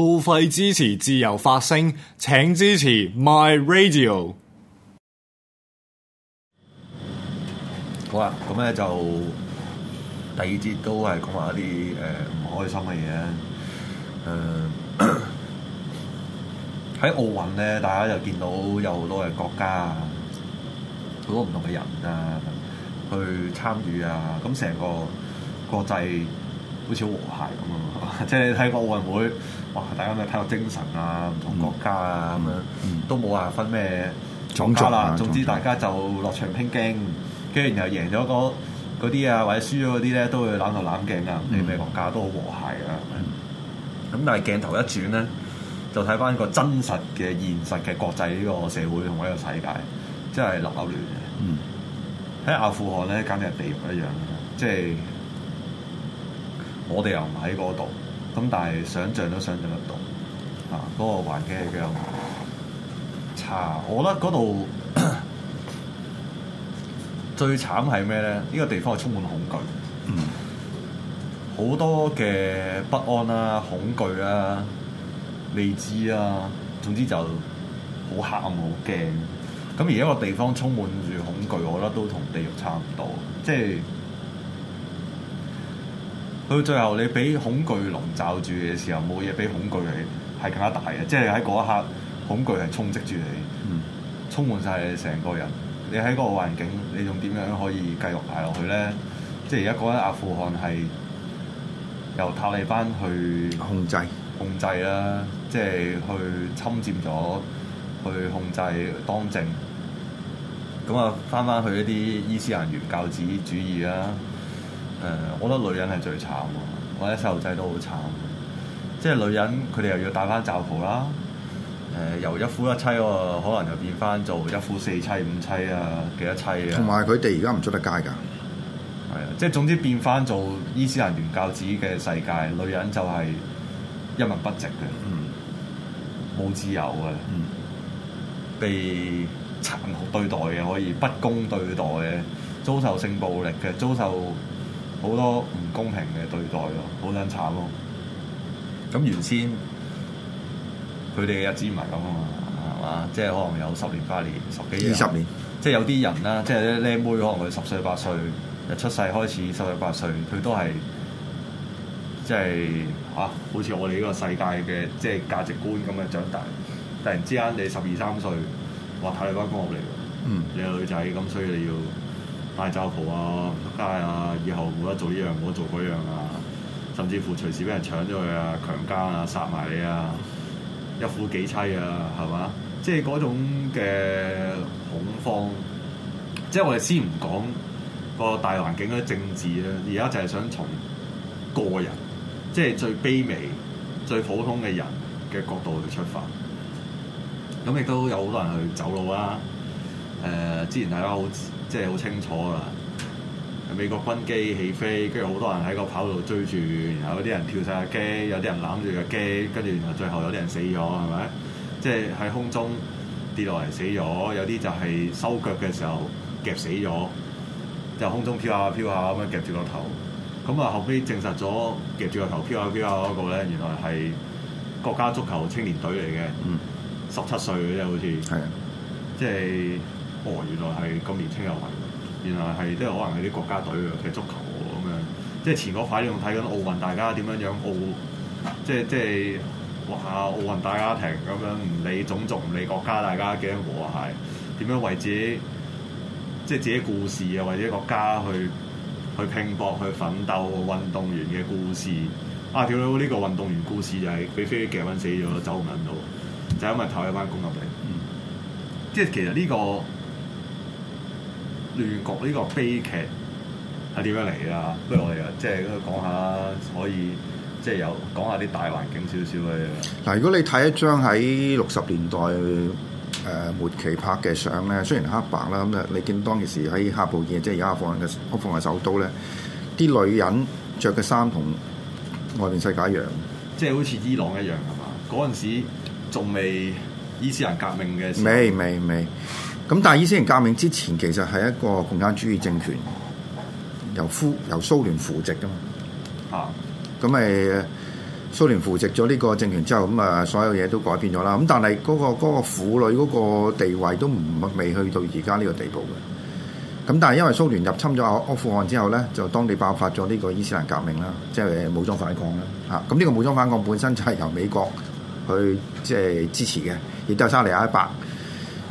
付費支持自由發聲，請支持 My Radio。好啊，咁咧就第二節都係講埋一啲誒唔開心嘅嘢。誒、呃，喺奧運咧，大家就見到有好多嘅國家啊，好多唔同嘅人啊，去參與啊，咁成個國際。好似和諧咁啊！即 係你睇個奧運會，哇！大家咪睇到精神啊，唔同國家啊咁樣，嗯嗯、都冇話分咩種族啦、啊。總之大家就落場拼勁，跟住然後贏咗嗰啲啊，或者輸咗嗰啲咧，都會攬頭攬頸啊，唔理咩國家都好和諧啊！咁、嗯、但係鏡頭一轉咧，就睇翻個真實嘅現實嘅國際呢個社會同呢個世界，真係鬧亂嘅。喺、嗯嗯、阿富汗咧，簡直係地獄一樣即係。我哋又唔喺嗰度，咁但係想像都想像得到，啊嗰、那個環境係幾咁差。我覺得嗰度 最慘係咩咧？呢、這個地方係充滿恐懼，好、嗯、多嘅不安啊、恐懼啊、未知啊，總之就好黑暗、好驚。咁而一個地方充滿住恐懼，我覺得都同地獄差唔多，即、就、係、是。到最後，你俾恐懼籠罩住嘅時候，冇嘢俾恐懼你係更加大嘅，即係喺嗰一刻，恐懼係充斥住你，嗯、充滿晒你成個人。你喺嗰個環境，你仲點樣可以繼續捱落去咧？即係而家講緊阿富汗係由塔利班去控制，控制啦，即係去侵佔咗，去控制當政。咁啊，翻翻去一啲伊斯蘭原教旨主義啦。誒、呃，我覺得女人係最慘喎，或者細路仔都好慘。即係女人，佢哋又要戴翻罩袍啦。誒、呃，由一夫一妻，我可能又變翻做一夫四妻、五妻啊嘅一妻。同埋佢哋而家唔出得街㗎。係啊，嗯、即係總之變翻做伊斯蘭原教旨嘅世界，女人就係一文不值嘅，冇、嗯、自由嘅，嗯、被殘酷對待嘅，可以不公對待嘅，遭受性暴力嘅，遭受。好多唔公平嘅對待咯，好撚慘咯。咁原先佢哋嘅日子唔係咁啊嘛，係嘛？即係可能有十年八年十幾二十年，即係有啲人啦，即係僆妹，可能佢十歲八歲，由出世開始十歲八歲，佢都係即係嚇、啊，好似我哋呢個世界嘅即係價值觀咁樣長大。突然之間你十二三歲，話睇你返工嚟，嗯，你係女仔，咁所以你要。賣罩袍啊，出街啊，以後冇得做呢樣，冇得做嗰樣啊，甚至乎隨時俾人搶咗佢啊，強奸啊，殺埋你啊，一夫幾妻啊，係嘛？即係嗰種嘅恐慌，即係我哋先唔講個大環境嗰啲政治啊，而家就係想從個人，即係最卑微、最普通嘅人嘅角度去出發。咁亦都有好多人去走路啦、啊。誒、呃，之前大家好。即係好清楚啊！美國軍機起飛，跟住好多人喺個跑道追住，然後有啲人跳晒架機，有啲人攬住架機，跟住然後最後有啲人死咗，係咪？即係喺空中跌落嚟死咗，有啲就係收腳嘅時候夾死咗，就空中飄下飄下咁樣夾住個頭。咁啊後尾證實咗夾住個頭飄下飄下嗰個咧，原來係國家足球青年隊嚟嘅，嗯、十七歲嘅啫，好似。係啊的，即係。哦，原來係咁年輕又混，原來係即係可能係啲國家隊嘅踢足球咁樣，即係前嗰排你仲睇緊奧運，大家點樣樣奧，即係即係哇奧運大家庭咁樣，唔理種族唔理國家，大家幾多和諧，點樣為自己，即係自己故事啊，或者國家去去拼搏去奮鬥運動員嘅故事。啊，跳到呢個運動員故事就係俾飛機夾死咗，走唔到，就係因為投一班工入嚟。嗯，即係其實呢個。亂局呢個悲劇係點樣嚟㗎？不如我哋即係講下，可以即係、就是、有講下啲大環境少少嘅嘢。嗱，如果你睇一張喺六十年代誒、呃、末期拍嘅相咧，雖然黑白啦，咁啊，你見當其時喺喀布爾，即係阿富汗嘅阿富汗首都咧，啲女人着嘅衫同外面世界一樣，即係好似伊朗一樣係嘛？嗰陣時仲未伊斯蘭革命嘅時候，未未未。咁但係伊斯蘭革命之前，其實係一個共產主義政權，由夫由蘇聯扶植噶嘛。啊，咁咪蘇聯扶植咗呢個政權之後，咁啊所有嘢都改變咗啦。咁但係、那、嗰個嗰、嗰個婦女嗰個地位都唔未去到而家呢個地步嘅。咁但係因為蘇聯入侵咗阿富汗之後咧，就當地爆發咗呢個伊斯蘭革命啦，即、就、係、是、武裝反抗啦。啊，咁呢個武裝反抗本身就係由美國去即係、就是、支持嘅，亦都係沙地阿拉伯。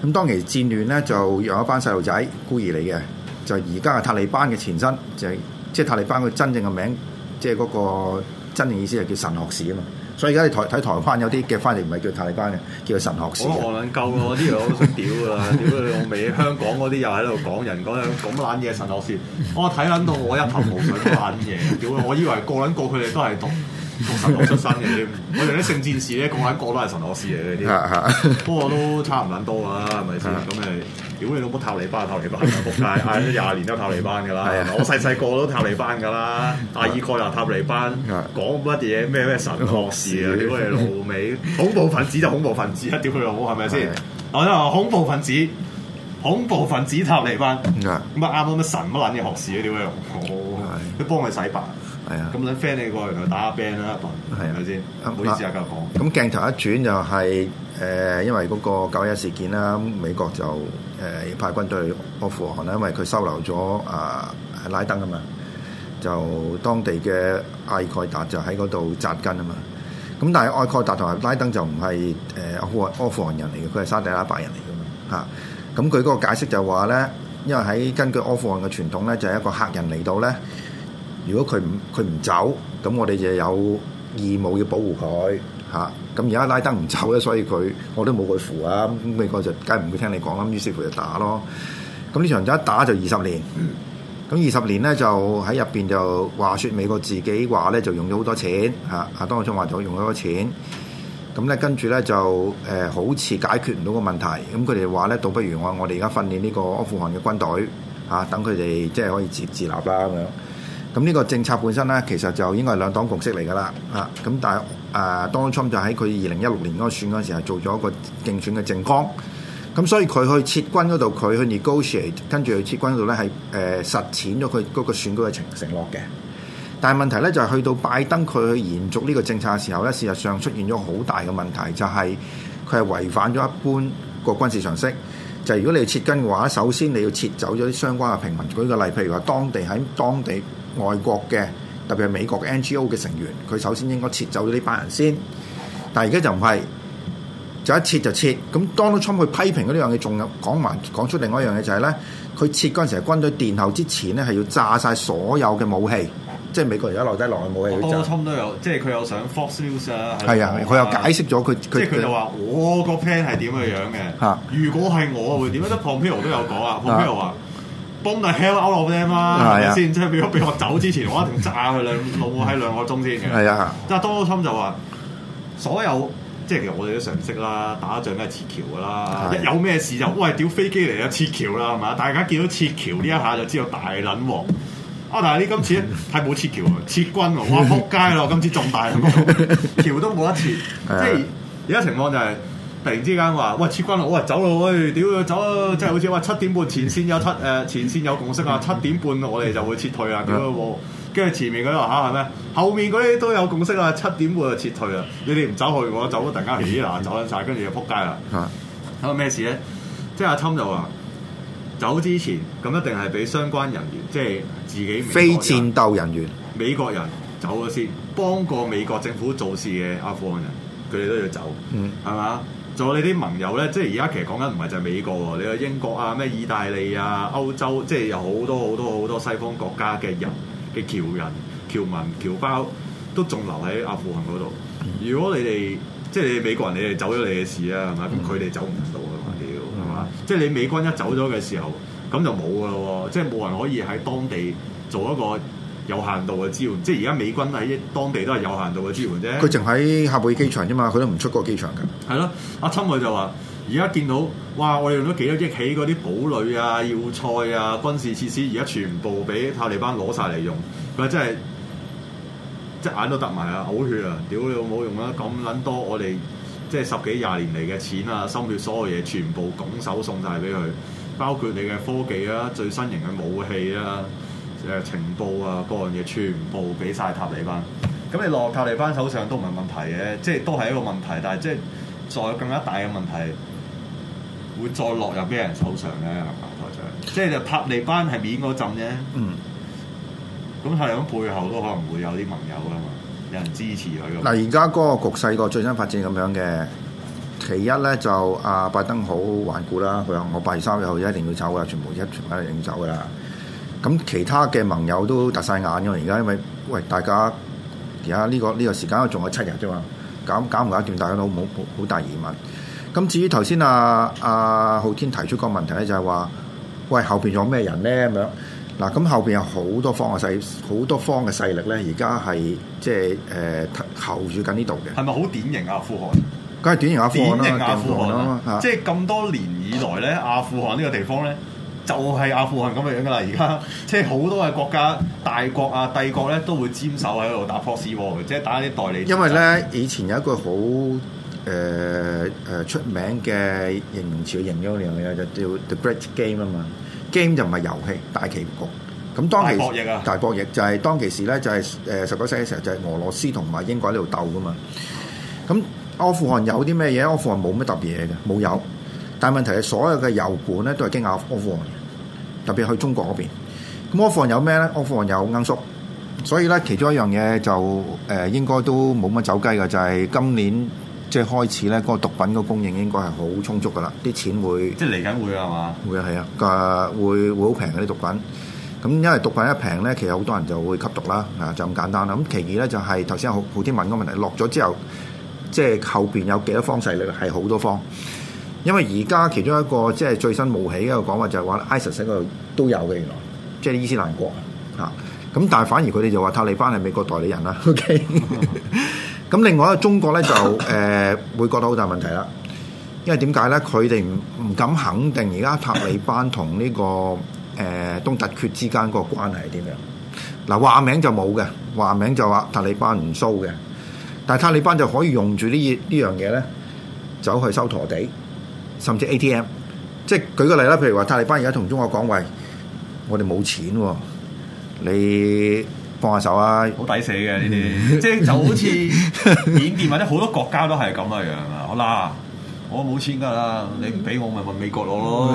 咁當其戰亂咧，就讓一班細路仔孤兒嚟嘅，就而家係塔利班嘅前身，就是、即係塔利班佢真正嘅名，即係嗰個真正意思係叫神學士啊嘛。所以而家你台睇台灣有啲嘅翻譯唔係叫塔利班嘅，叫神學士。我戇撚鳩喎，啲嘢我好想屌啊！屌佢老味，香港嗰啲又喺度講人講咁撚嘢神學士，我睇撚到我一頭霧水，撚嘢屌！我以為個撚個佢哋都係讀。同神學出身嘅添，我哋啲聖戰士咧，個個都係神學士嚟嘅啲，不過 都差唔多啊，係咪先？咁你屌你老母，塔利 班，塔利班仆街，啲廿年都塔利班噶啦，我細細個都塔利班噶啦，阿爾蓋達塔利班，講乜嘢咩咩神學士啊？屌士你老味！ 恐怖分子就恐怖分子啊，屌佢老母，係咪先？對 我話恐怖分子，恐怖分子塔利班，咁啊啱啱乜神乜卵嘢學士學學、哦、啊？屌你老母，你幫佢洗白。係啊，咁揾 friend 你過嚟打下 band 啦，一頓係咪先？唔好意思啊，咁講。咁鏡頭一轉就係、是、誒、呃，因為嗰個九一事件啦，美國就誒、呃、派軍隊去阿富汗啦，因為佢收留咗啊、呃、拉登啊嘛，就當地嘅艾蓋達就喺嗰度扎根啊嘛。咁但係艾蓋達同埋拉登就唔係誒阿富汗人嚟嘅，佢係沙地阿拉伯人嚟嘅嘛嚇。咁佢嗰個解釋就話咧，因為喺根據阿富汗嘅傳統咧，就係、是、一個客人嚟到咧。如果佢唔佢唔走，咁我哋就有義務要保護佢嚇。咁而家拉登唔走咧，所以佢我都冇去扶啊。咁美國就梗係唔會聽你講啦。於是乎就打咯。咁呢場就一打就二十年。咁二十年咧就喺入邊就話説美國自己話咧就用咗好多錢嚇。阿當我長話咗用咗好多錢。咁、啊、咧、啊、跟住咧就誒、呃、好似解決唔到個問題。咁佢哋話咧倒不如我我哋而家訓練呢個阿富汗嘅軍隊嚇，等佢哋即係可以自自立啦咁樣。咁呢個政策本身咧，其實就應該係兩黨共識嚟噶啦，啊，咁但係誒當初就喺佢二零一六年嗰選嗰陣時候做咗個競選嘅政綱，咁、啊、所以佢去撤軍嗰度，佢去 negotiate 跟住去撤軍嗰度咧係誒實踐咗佢嗰個選舉嘅承承諾嘅。但係問題咧就係、係、去到拜登佢去延續呢個政策嘅時候咧，事實上出現咗好大嘅問題，就係佢係違反咗一般嘅軍事常識。就係、如果你要撤軍嘅話，首先你要撤走咗啲相關嘅平民。舉個例，譬如話當地喺當地。外國嘅特別係美國嘅 NGO 嘅成員，佢首先應該先撤走咗呢班人先。但係而家就唔係，就一撤就撤。咁 Donald Trump 去批評嗰啲樣嘢，仲有講埋講出另外一樣嘢，就是，就係咧，佢撤嗰陣時係軍隊殿後之前咧，係要炸晒所有嘅武器，即係美國而家留低落嘅武器。多多都有，即係佢有想 Fox News 啦。係他啊，佢又解釋咗佢。即係佢就話：我個 plan 係點嘅樣嘅。嚇！如果係我會點？一 d o n l d Trump 都有講啊，Donald Bomb the hell out of them 啫嘛，係咪先？即係俾我俾我走之前，我一定炸佢兩，老母喺兩個鐘先係啊，即係多心就話，所有即係其實我哋都常識啦，打仗都係切橋噶啦。一有咩事就喂，屌飛機嚟啦，切橋啦，係嘛？大家見到切橋呢一下就知道大捻王。啊，但係你今次咧係冇切橋啊，撤軍啊，哇，扑街咯！今次仲大，橋都冇得切，即係而家情況就係。突然之間話：喂，撤軍啦！我、哎、話走咯，喂，屌，走！即係好似話七點半前線有七誒、呃、前線有共識啊， 七點半我哋就會撤退 啊，屌跟住前面嗰啲話嚇咩？後面嗰啲都有共識啊，七點半就撤退啊。你哋唔走去，我走咗，突然間起嗱，走甩晒，跟住就撲街啦！嚇、啊，咁咩事咧？即係阿侵就話走之前，咁一定係俾相關人員，即係自己非戰鬥人員，美國人走咗先，幫過美國政府做事嘅阿富汗人，佢哋都要走，嗯，係嘛？仲有你啲盟友咧，即係而家其實講緊唔係就係美國喎，你話英國啊、咩意大利啊、歐洲，即係有好多好多好多西方國家嘅人嘅僑人、僑民、僑胞，都仲留喺阿富汗嗰度。如果你哋即係你美國人，你哋走咗你嘅事啊，係咪？咁佢哋走唔到啊，屌係嘛？嗯、即係你美軍一走咗嘅時候，咁就冇㗎咯，即係冇人可以喺當地做一個有限度嘅支援，即係而家美軍喺當地都係有限度嘅支援啫。佢淨喺喀布爾機場啫嘛，佢、嗯、都唔出過機場㗎。係咯，阿侵佢就話，而家見到，哇！我哋用咗幾多億起嗰啲堡壘啊、要塞啊、軍事設施，而家全部俾塔利班攞晒嚟用，佢真係一眼都凸埋啊，嘔、呃、血啊！屌你冇用啦、啊，咁撚多我哋即係十幾廿年嚟嘅錢啊、心血，所有嘢全部拱手送晒俾佢，包括你嘅科技啊、最新型嘅武器啊。誒情報啊，各樣嘢全部俾晒塔利班，咁你落塔利班手上都唔係問題嘅，即係都係一個問題，但係即係再有更加大嘅問題會再落入邊人手上咧？林亞台長，即係塔利班係面嗰陣啫，嗯，咁係咁背後都可能會有啲盟友啦嘛，有人支持佢。嗱，而家嗰個局勢個最新發展咁樣嘅，其一咧就阿、啊、拜登好，好頑固啦，佢話我八月三日後一定要走啦，全部一全家都走噶啦。咁其他嘅盟友都突晒眼噶嘛？而家因為喂大家而家呢個呢、呢個時間仲有七日啫嘛，搞搞唔搞掂？大家都冇好，好，好大疑問。咁至於頭先阿阿浩天提出個問題咧，就係話喂後邊仲有咩人咧咁樣？嗱，咁後邊有好多方嘅勢，好多方嘅勢力咧，而家係即係誒候住緊呢度嘅。係咪好典型阿富汗？梗係典型阿富汗、啊、阿富汗啦、啊，阿富汗啊、即係咁多年以來咧，阿富汗呢個地方咧。就係阿富汗咁嘅樣㗎啦，而家即係好多嘅國家、大國啊、帝國咧，都會沾手喺度打 proxy 喎，即係打啲代理。因為咧，以前有一個好誒誒出名嘅形容詞嘅形容詞啊，就叫 The Great Game 啊嘛。Game 就唔係遊戲，大棋局。咁當其大、啊、大博弈就係、是、當其時咧，就係、是、誒、呃、十九世紀嘅時候，就係俄羅斯同埋英國喺度鬥㗎嘛。咁阿富汗有啲咩嘢？阿富汗冇乜特別嘢嘅，冇有。但係問題係所有嘅油管咧都係經阿富汗。特別去中國嗰邊，咁阿富汗有咩咧？阿富汗有罌粟，所以咧其中一樣嘢就誒，應該都冇乜走雞噶就係今年即係開始咧，嗰個毒品嘅供應應該係好充足噶啦，啲錢會即係嚟緊會啊嘛？會啊係啊，個會會好平嘅啲毒品，咁因為毒品一平咧，其實好多人就會吸毒啦，啊就咁簡單啦。咁其二咧就係頭先浩天問個問題，落咗之後，即係後邊有幾多方勢力，係好多方。因為而家其中一個即係最新冒起一個講話就係話 ISIS 嗰度都有嘅，原來即係伊斯蘭國啊，咁、嗯、但係反而佢哋就話塔利班係美國代理人啦。OK，咁、嗯、 另外咧中國咧就誒、呃、會覺得好大問題啦，因為點解咧？佢哋唔唔敢肯定而家塔利班同呢、這個誒、呃、東突厥之間個關係係點樣？嗱，話名就冇嘅，話名就話名就塔利班唔蘇嘅，但係塔利班就可以用住呢呢樣嘢咧走去收陀地。甚至 ATM，即係舉個例啦，譬如話泰利班而家同中國講，喂，我哋冇錢喎，你幫下手啊，好抵死嘅呢啲，即係就好似緬甸或者好多國家都係咁嘅樣啊。好啦，我冇錢㗎啦，你唔俾我咪問美國攞咯，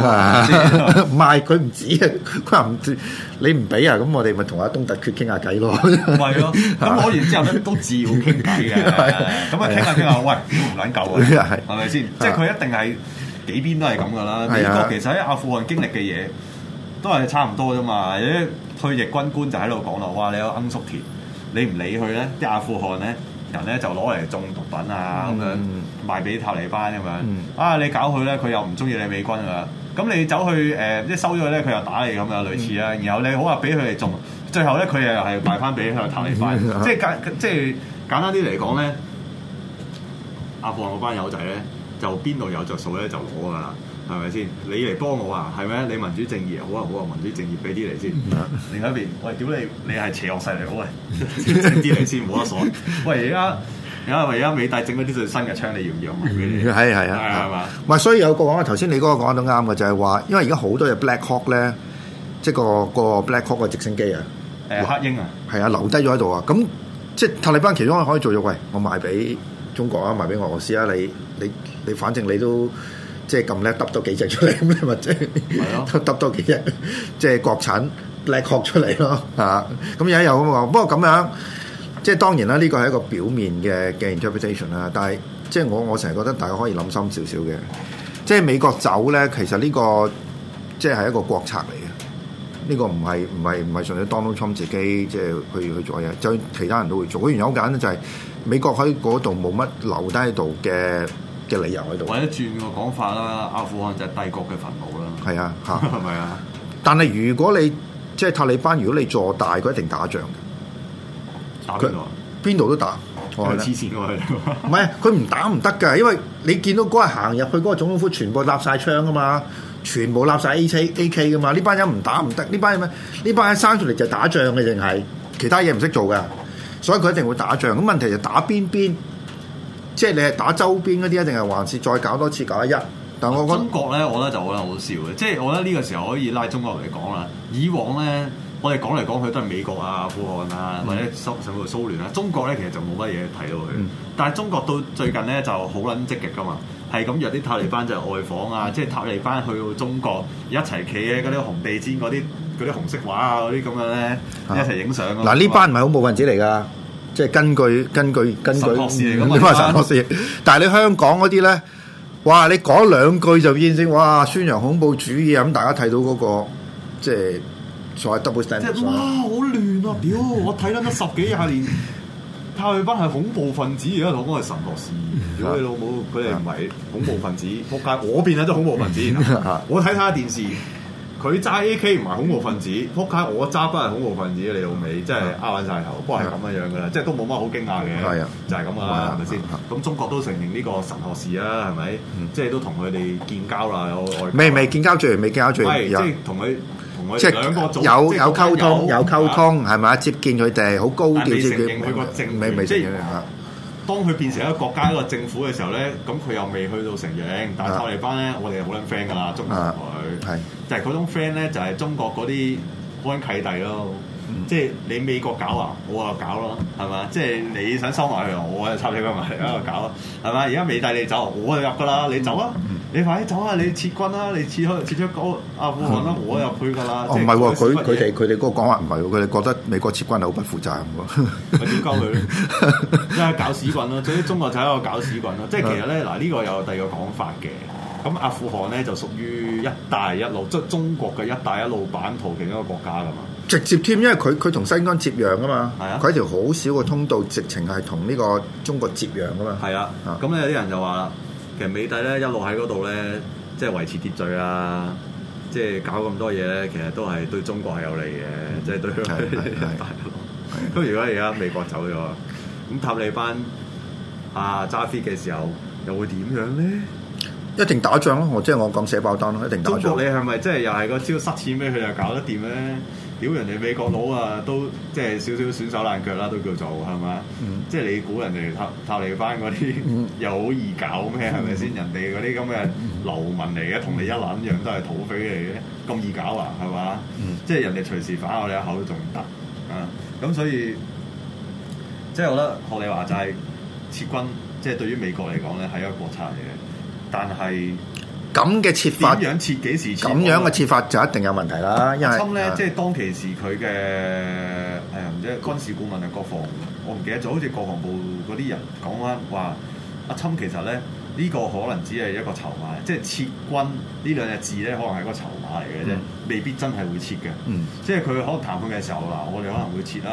唔係佢唔止啊，佢話唔知，你唔俾啊，咁我哋咪同阿東突厥傾下偈咯。唔係咯，咁攞完之後咧都自然傾偈嘅，咁啊傾下傾下，喂，唔撚夠啊，係咪先？即係佢一定係。幾邊都係咁噶啦，美國其實喺阿富汗經歷嘅嘢都係差唔多啫嘛。有啲退役軍官就喺度講咯，哇！你有罌粟田，你唔理佢咧，啲阿富汗咧人咧就攞嚟種毒品啊咁樣、嗯、賣俾塔利班咁樣。嗯、啊，你搞佢咧，佢又唔中意你美軍啊。咁你走去誒，即、呃、係收咗佢咧，佢又打你咁啊，類似啦。然後你好話俾佢哋種，最後咧佢又係賣翻俾佢塔利班。嗯、即係簡 即係簡單啲嚟講咧，阿富汗嗰班友仔咧。就邊度有著數咧，就攞㗎啦，係咪先？你嚟幫我啊，係咪？你民主正義好啊好啊，民主正義，俾啲嚟先。另一邊，喂，屌你，你係邪惡勢力，好啊，整啲你先，冇得所。喂，而家而家咪而家美大整嗰啲最新嘅槍你要唔要？俾你，係係啊，係嘛、啊？唔係吧，所以有個講啊，頭先你嗰個講得都啱嘅，就係話，因為而家好多隻 Black Hawk 咧，即係個個 Black Hawk 嘅直升機啊，呃、黑鷹啊，係啊，留低咗喺度啊，咁即係塔利班其中可以做咗，喂，我賣俾。中國啊，賣俾俄羅斯啊，你你你，反正你都即係咁叻，揼多幾隻出嚟咁，你咪即係揼揼多幾隻，即係國產叻學出嚟咯嚇。咁有有咁講，不過咁樣即係當然啦，呢個係一個表面嘅嘅 interpretation 啦。但係即係我我成日覺得大家可以諗深少少嘅。即係美國走咧，其實呢個即係係一個國策嚟嘅。呢個唔係唔係唔係純粹 Donald Trump 自己即係去去做嘢，就其他人都會做。佢原有好簡單就係，美國喺嗰度冇乜留低度嘅嘅理由喺度。或者轉個講法啦，阿富汗就係帝國嘅墳墓啦。係啊，嚇係咪啊？但係如果你即係塔利班，如果你坐大，佢一定打仗嘅。打邊度啊？邊度都打。佢黐線嘅佢。唔係，佢唔打唔得嘅，因為你見到嗰日行入去嗰個總統府，全部立晒槍噶嘛，全部立晒 AK 噶嘛，呢班人唔打唔得，呢班人咩？呢班人生出嚟就係打仗嘅，定係其他嘢唔識做㗎。所以佢一定會打仗，咁問題就打邊邊，即係你係打周邊嗰啲，定係還是再搞多次九一一？但我覺得中國咧，我覺得就好能好笑嘅，即係我覺得呢個時候可以拉中國嚟講啦。以往咧，我哋講嚟講去都係美國啊、阿富汗啊，或者蘇甚至蘇聯啊。中國咧其實就冇乜嘢睇到佢，嗯、但係中國到最近咧就好撚積極噶嘛，係咁約啲塔利班就外訪啊，嗯、即係塔利班去到中國一齊企喺嗰啲紅地氈嗰啲。嗯嗯嗰啲紅色畫啊，嗰啲咁樣咧，一齊影相。嗱，呢班唔係恐怖分子嚟噶，即係根據根據根據神學士嚟咁啊嘛。明明神學士，的事但係你香港嗰啲咧，哇！你講兩句就變成，哇！宣揚恐怖主義啊！咁大家睇到嗰、那個，即係所謂 double standard、嗯。即係媽好亂啊！屌，我睇緊咗十幾廿年，塔利班係恐怖分子，而家講我係神學士，呵呵呵如果你老母！佢哋唔係恐怖分子，撲街！我變咗都恐怖分子，我睇下電視。 佢揸 AK 唔係恐怖分子，撲街！我揸翻係恐怖分子，你老味，真係拗穩晒頭，不過係咁樣樣噶啦，即係都冇乜好驚訝嘅，啊，就係咁係咪先？咁中國都承認呢個神學士啊，係咪？即係都同佢哋建交啦，有未？未建交住，未建交住，即係同佢同佢，即兩個組有有溝通，有溝通係嘛？接見佢哋，好高調接見佢個政委，未承認啊？當佢變成一個，國家一個政府嘅時候咧，咁佢又未去到成形，但係泰利班咧，我哋係好撚 friend 㗎啦，捉佢、啊，就係嗰種 friend 咧，就係中國嗰啲安契弟咯，嗯、即係你美國搞啊，我就搞啊搞咯，係嘛？即係你想收埋佢，我就插你鬼埋喺度搞咯、啊，係嘛？而家美帝你走，我就入㗎啦，你走啊！嗯你快啲走啊！你撤軍啦！你撤開撤出阿富汗啦，我入去噶啦。唔係喎，佢佢哋佢哋嗰個講法唔係喎，佢哋覺得美國撤軍係好不負責任喎。點講佢咧？即係搞屎棍咯！所以中國就係一個搞屎棍咯。 即係其實咧，嗱、這、呢個有第二個講法嘅。咁阿富汗咧就屬於「一帶一路」，即係中國嘅「一帶一路」版圖其中一個國家㗎嘛？直接添，因為佢佢同新疆接壤啊嘛。係啊，佢係條好少嘅通道，直情係同呢個中國接壤啊嘛。係啊，咁有啲人就話啦。其實美帝咧一路喺嗰度咧，即係維持秩序啊，即係搞咁多嘢咧，其實都係對中國係有利嘅，即係、嗯、對大陸。咁 如果而家美國走咗，咁塔利班啊揸 fit 嘅時候又會點樣咧？一定打仗咯，我即係我講寫爆單咯，一定打仗。中國你係咪即係又係個招塞錢俾佢又搞得掂咧？屌人哋美國佬啊，都即係少少損手爛腳啦、啊，都叫做係嘛？嗯、即係你估人哋塔塔利班嗰啲又好易搞咩？係咪先？嗯、人哋嗰啲咁嘅流民嚟嘅，同你一卵一樣都係土匪嚟嘅，咁易搞啊？係嘛？嗯、即係人哋隨時反我哋一口都仲唔得啊！咁所以即係我覺得學你話齋撤軍，即係對於美國嚟講咧係一個國策嚟嘅，但係。咁嘅設法，點樣撤？幾時撤？咁樣嘅設法就一定有問題啦。因為阿侵咧，是啊、即係當其時佢嘅誒，即、哎、係軍事顧問啊，國防，我唔記得，咗，好似國防部嗰啲人講啦，話阿侵其實咧呢、呢個可能只係一個籌碼，即係撤軍兩呢兩隻字咧，可能係個籌碼嚟嘅啫，嗯、未必真係會撤嘅。嗯、即係佢可能談判嘅時候，嗱，嗯、我哋可能會撤啦。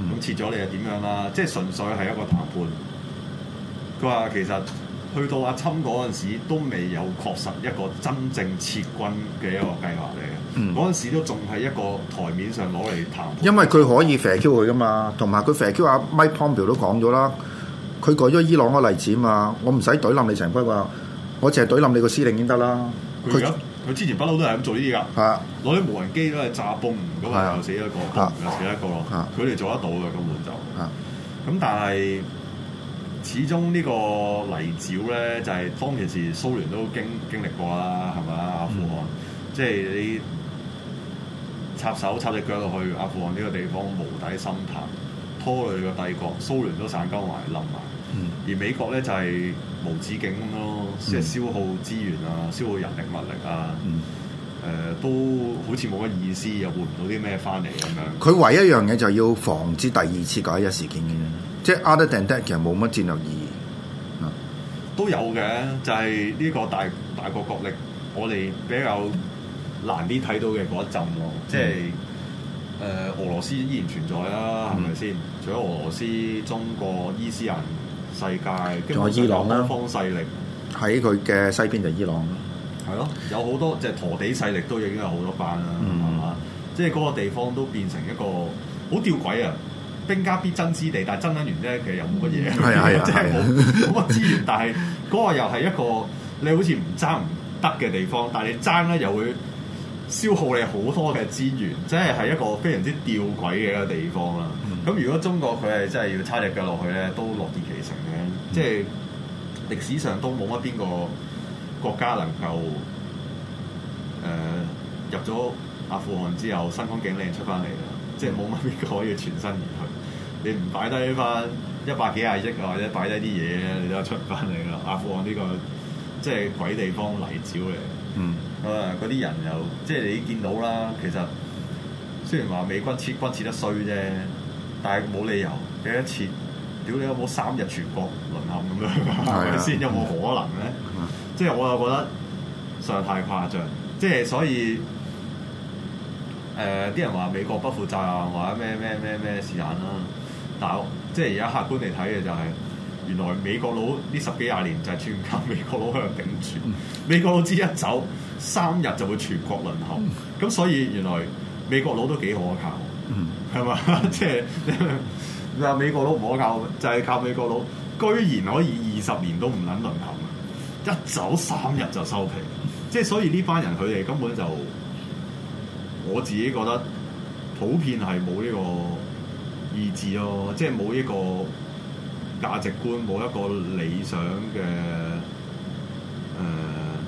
咁撤咗你又點樣啦？即係純粹係一個談判。佢話其實。去到阿侵嗰陣時，都未有確實一個真正撤軍嘅一個計劃嚟嘅。嗰陣、嗯、時都仲係一個台面上攞嚟談。因為佢可以肥 q 佢噶嘛，同埋佢肥 q 阿 Mike Pompeo 都講咗啦，佢改咗伊朗個例子啊嘛，我唔使懟冧你成軍喎，我淨係懟冧你個司令先得啦。佢佢他之前不嬲都係咁做呢啲噶，攞啲、啊、無人機咧炸崩，咁又死一個，又死、啊、一個咯。佢哋做得到嘅根本就咁、啊啊，但係。始終呢個泥沼咧，就係、是、當其時蘇聯都經經歷過啦、啊，係咪？阿富汗，嗯、即係你插手插隻腳落去阿富汗呢個地方，無底深潭，拖累個帝國，蘇聯都散交埋冧埋。嗯、而美國咧就係、是、無止境咯，即係消耗資源啊，消耗人力物力啊。嗯嗯誒、呃、都好似冇乜意思，又換唔到啲咩翻嚟咁樣。佢唯一一樣嘢就要防止第二次嗰一事件嘅，即係 other than that 其實冇乜戰略意義。啊、嗯，都有嘅，就係、是、呢個大大國國力，我哋比較難啲睇到嘅嗰一陣喎。即係誒、呃，俄羅斯依然存在啦，係咪先？除咗俄羅斯，中國、伊斯蘭世界，仲有，有伊朗啦，多方勢力喺佢嘅西邊就伊朗。係咯，有好多即係、就是、陀地勢力都已經有好多班啦，係嘛、嗯？即係嗰個地方都變成一個好吊詭啊！兵家必爭之地，但爭緊完咧，其實有冇乜嘢，即係冇冇乜資源。 但係嗰個又係一個你好似唔爭唔得嘅地方，但係你爭咧又會消耗你好多嘅資源，即係係一個非常之吊詭嘅一個地方啦。咁、嗯、如果中國佢係真係要差隻腳落去咧，都樂見其成嘅，即係歷史上都冇乜邊個。國家能夠誒、呃、入咗阿富汗之後，身光頸靚出翻嚟啦，即係冇乜邊個可以全身而退？你唔擺低翻一百幾廿億啊，或者擺低啲嘢，你都出唔翻嚟啦！阿富汗呢、呢個即係鬼地方泥沼嚟嘅，嗯，嗯，啊嗰啲人又即係你見到啦，其實雖然話美軍撤軍撤得衰啫，但係冇理由幾一撤屌你有冇三日全國淪陷咁樣先是、啊、 有冇可能咧？嗯即係我又覺得實在太誇張，即係所以誒啲、呃、人話美國不負責任，或者咩咩咩咩是但啦。但即係而家客觀嚟睇嘅就係、是，原來美國佬呢十幾廿年就係全靠美國佬喺度頂住，嗯、美國佬只一走三日就會全國淪陷。咁、嗯、所以原來美國佬都幾可靠，係嘛、嗯？即係你話美國佬唔可靠，就係、是、靠美國佬居然可以二十年都唔撚淪陷。一走三日就收皮，即係所以呢班人佢哋根本就我自己覺得普遍係冇呢個意志咯，即係冇呢個價值觀，冇一個理想嘅誒、呃、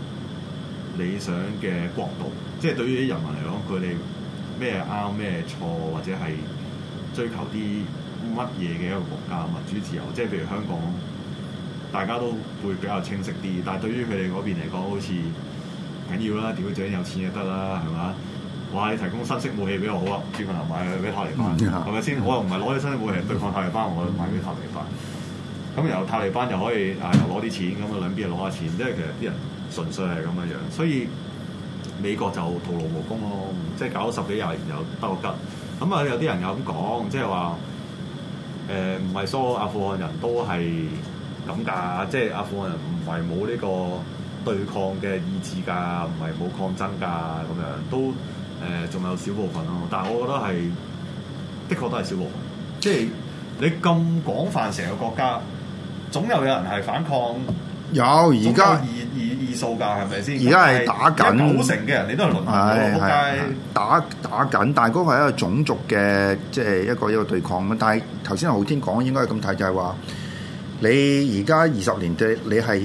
理想嘅國度。即係對於啲人民嚟講，佢哋咩啱咩錯，或者係追求啲乜嘢嘅一個國家民主自由，即係譬如香港。大家都會比較清晰啲，但係對於佢哋嗰邊嚟講，好似緊要啦，點樣自己有錢就得啦，係嘛？哇！你提供新式武器俾我好啊，專門嚟買嘅俾塔利班，係咪先？我又唔係攞起新式武器嚟對抗塔利班，我係買俾塔利班。咁由塔利班又可以啊，又攞啲錢咁啊，兩邊攞下錢，即係其實啲人純粹係咁樣樣。所以美國就徒勞無功咯，即係搞咗十幾廿年又得個吉。咁啊，有啲人又咁講，即係話誒，唔係疏阿富汗人都係。咁噶，即係阿富汗人唔係冇呢個對抗嘅意志噶，唔係冇抗爭噶咁樣，都誒仲、呃、有少部分咯。但係我覺得係，的確都係小部分。即係是你咁廣泛成個國家，總有有人係反抗。有而家二二二數噶係咪先？而家係打緊。組成嘅人你都係輪唔到咯。係是打打緊，但係嗰個係一個種族嘅，即、就、係、是、一個一個,一個對抗咁。但係頭先阿浩天講應該係咁睇，就係話。你而家二十年嘅你係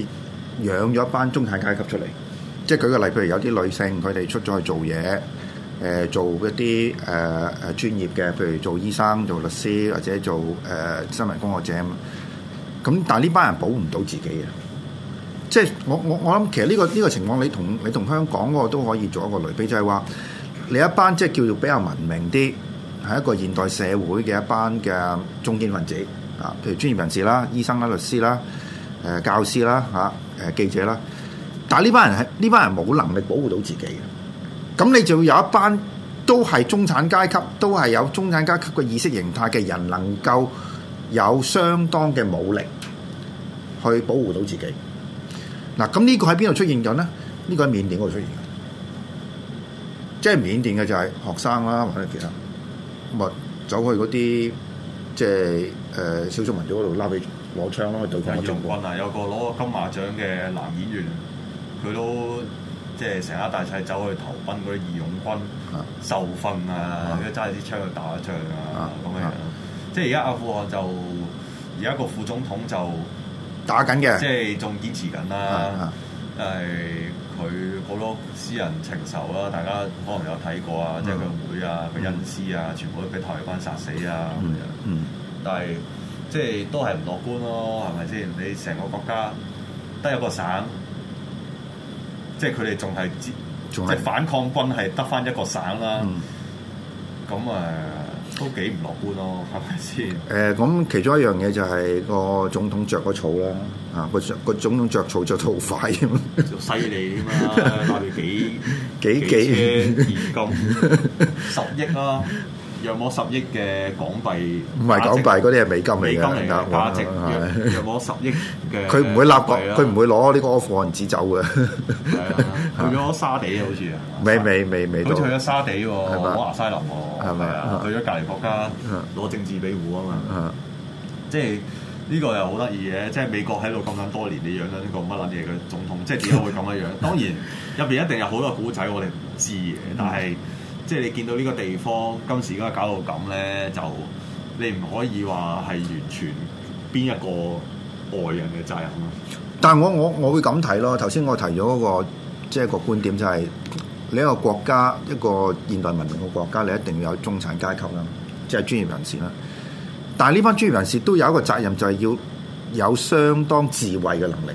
養咗一班中產階級出嚟，即係舉個例，譬如有啲女性佢哋出咗去做嘢，誒、呃、做一啲誒誒專業嘅，譬如做醫生、做律師或者做誒、呃、新聞工作者咁。咁但係呢班人保唔到自己嘅，即係我我我諗其實呢、呢個呢、呢個情況，你同你同香港嗰個都可以做一個類比，就係、係、話你一班即係叫做比較文明啲，喺一個現代社會嘅一班嘅中堅分子。啊，譬如專業人士啦、醫生啦、律師啦、誒教師啦、嚇誒記者啦，但係呢班人係呢班人冇能力保護到自己嘅，咁你就會有一班都係中產階級，都係有中產階級嘅意識形態嘅人，能夠有相當嘅武力去保護到自己。嗱，咁呢個喺邊度出現緊咧？呢個喺緬甸嗰度出現嘅，即係緬甸嘅就係學生啦，或者其他，咁啊走去嗰啲即係。誒少數民族度拉佢攞槍咯，去對抗中國。義勇軍啊，有個攞金馬獎嘅男演員，佢都即係成日大細走去投奔嗰啲義勇軍，受訓啊，跟住揸住啲槍去打仗啊，咁嘅樣。即係而家阿富汗就而家個副總統就打緊嘅，即係仲堅持緊啦。誒，佢好多私人情仇啦，大家可能有睇過啊，即係佢妹啊、佢恩師啊，全部都俾台灣殺死啊咁樣。但係即係都係唔樂觀咯，係咪先？你成個國家得一個省，即係佢哋仲係接，仲係是反抗軍係得返一個省啦。咁啊、嗯呃，都幾唔樂觀咯，係咪先？誒、呃，咁其中一樣嘢就係、是、個總統着個草啦，嗯、啊，個著個總統著草着得好快咁，犀利啊嘛，到底幾幾幾億員十億咯、啊。若冇十億嘅港幣，唔係港幣，嗰啲係美金美金嚟㗎。價值若冇十億嘅， 佢唔 會攬港，佢唔會攞呢個貨銀紙走㗎。去咗沙地好似，未未未未。好似去咗沙地喎，攞牙塞係咪啊？去咗隔離國家攞政治庇護啊嘛。即係呢個又好得意嘅，即係美國喺度咁樣多年，你養咗呢個乜撚嘢嘅總統，即係點解會咁樣？ 當然入邊一定有好多古仔，我哋唔知嘅，但係。 即係你見到呢個地方今時而家搞到咁咧，就你唔可以話係完全邊一個外人嘅責任咯。但係我我我會咁睇咯。頭先我提咗、那個、一個即係個觀點、就是，就係你一個國家一個現代文明嘅國家，你一定要有中產階級啦，即、就、係、是、專業人士啦。但係呢班專業人士都有一個責任，就係要有相當智慧嘅能力。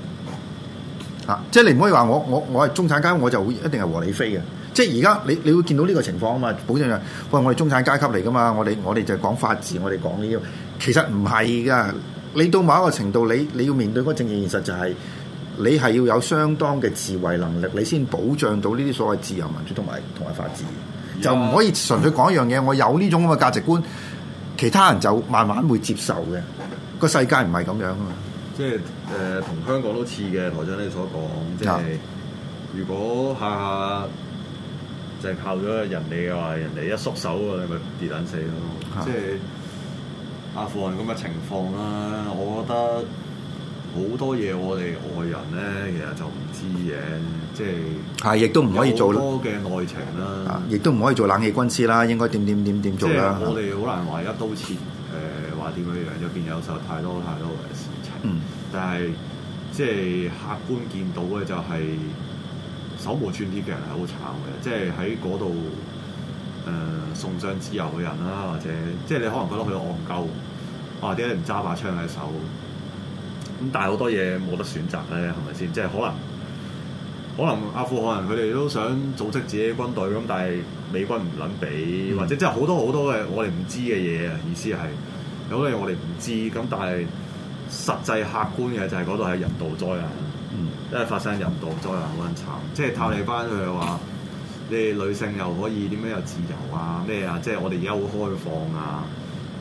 嚇、啊！即係你唔可以話我我我係中產階級我就會一定係和理非嘅。即係而家你你會見到呢個情況啊嘛，保障人，喂，我哋中產階級嚟噶嘛，我哋我哋就係講法治，我哋講呢啲，其實唔係㗎。你到某一個程度，你你要面對嗰個政治現實就係、是，你係要有相當嘅智慧能力，你先保障到呢啲所謂自由民主同埋同埋法治。有就唔可以純粹講一樣嘢，我有呢種咁嘅價值觀，其他人就慢慢會接受嘅。個、嗯、世界唔係咁樣啊嘛。即係誒，同、呃、香港都似嘅台長你所講，即係如果下下，就係靠咗人哋嘅話，人哋一縮手喎，你咪跌撚死咯。即係阿富汗咁嘅情況啦，我覺得好多嘢我哋外人咧，其實就唔知嘅。即係係亦都唔可以做多嘅內情啦。亦都唔可以做冷氣軍師啦。應該點點點點做啦。即係我哋好難話一刀切誒，話點樣樣。入邊有時候太多太多嘅事情。嗯，但係即係客觀見到嘅就係。手無寸鐵嘅人係好慘嘅，即係喺嗰度誒送槍自殺嘅人啦，或者即係你可能覺得佢戇鳩，點解你唔揸把槍喺手，咁但係好多嘢冇得選擇咧，係咪先？即係可能可能阿富可能佢哋都想組織自己嘅軍隊，咁但係美軍唔撚俾，嗯、或者即係好多好多嘅我哋唔知嘅嘢啊，意思係有好多嘢我哋唔知，咁但係實際客觀嘅就係嗰度係人道災難，啊。都係、嗯、發生人道災難，好慘。即係塔利班佢哋話，你哋女性又可以點樣有自由啊？咩啊？即係我哋而家好開放啊！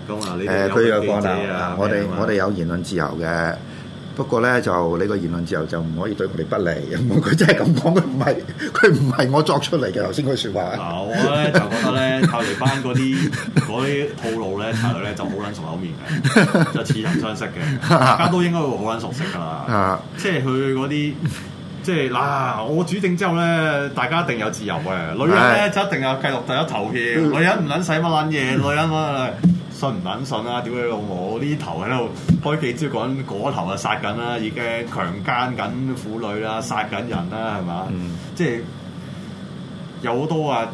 咁啊，你哋佢有講啦，啊、我哋們我哋有言論自由嘅。不過咧，就你個言論自由就唔可以對佢哋不利。佢真係咁講，嘅，唔係，佢唔係我作出嚟嘅頭先嗰句説話。啊我啊，就覺得咧，靠嚟班嗰啲啲套路咧，查到咧就好撚熟口面嘅，就似人相識嘅，大家都應該會好撚熟悉噶啦。 即係佢嗰啲，即係嗱、啊，我主政之後咧，大家一定有自由嘅。女人咧的就一定有繼續第一投票。 女人唔撚使乜撚嘢，女人 唔撚信啦！屌你老母！呢頭喺度開記者講，嗰頭啊殺緊啦，已經強奸緊婦女啦，殺緊人啦，係嘛？嗯、即係有好多啊！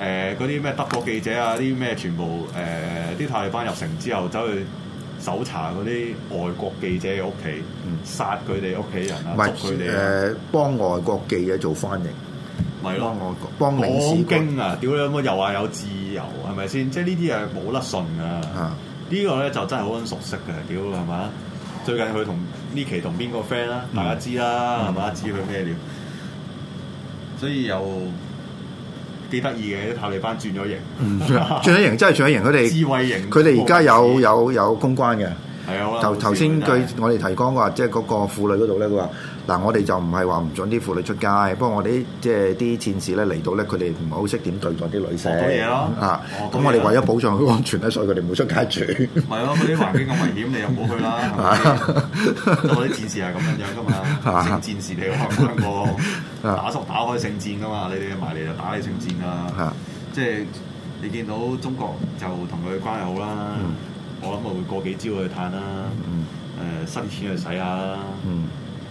誒嗰啲咩德國記者啊，啲咩全部誒啲塔利班入城之後走去搜查嗰啲外國記者嘅屋企，嗯、殺佢哋屋企人啊，嗯、捉佢哋誒幫外國記者做翻譯。咪咯，幫我幫李經啊！屌你咁啊，又話有自由係咪先？即係呢啲嘢冇得信啊！呢個咧就真係好撚熟悉嘅，屌係嘛？最近佢同呢期同邊個 friend 啦？大家知啦係嘛？知佢咩料。所以又幾得意嘅，啲塔利班轉咗型，轉咗型真係轉咗型。佢哋智慧型，佢哋而家有有有公關嘅。係啊，頭頭先據我哋提講話，即係嗰個婦女嗰度咧，佢話。嗱，我哋就唔係話唔準啲婦女出街，不過我哋即係啲戰士咧嚟到咧，佢哋唔係好識點對待啲女性啊。咁我哋為咗保障安全咧，所以佢哋唔會出街住。唔係咯，嗰啲環境咁危險，你又冇去啦。我哋戰士係咁樣噶嘛，成戰士嚟開軍個打索打開聖戰噶嘛，你哋埋嚟就打你聖戰啊。即係你見到中國就同佢關係好啦，我諗我會過幾招去嘆啦。誒，新錢去使下啦。誒，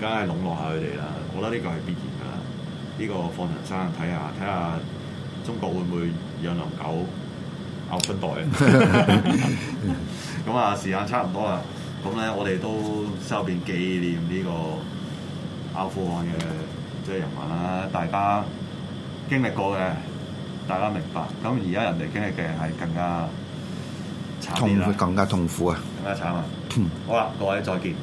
梗係、呃、籠絡下佢哋啦，我覺得呢個係必然噶啦。呢、這個放長生，睇下睇下中國會唔會養狼狗咬春袋？咁啊、 嗯，時間差唔多啦。咁、嗯、咧，我哋都收邊紀念呢、這個阿富汗嘅即係人民啦。大家經歷過嘅，大家明白。咁、嗯、而家人哋經歷嘅係更加痛苦，更加痛苦啊！更加慘啊！好啦，各位，再見。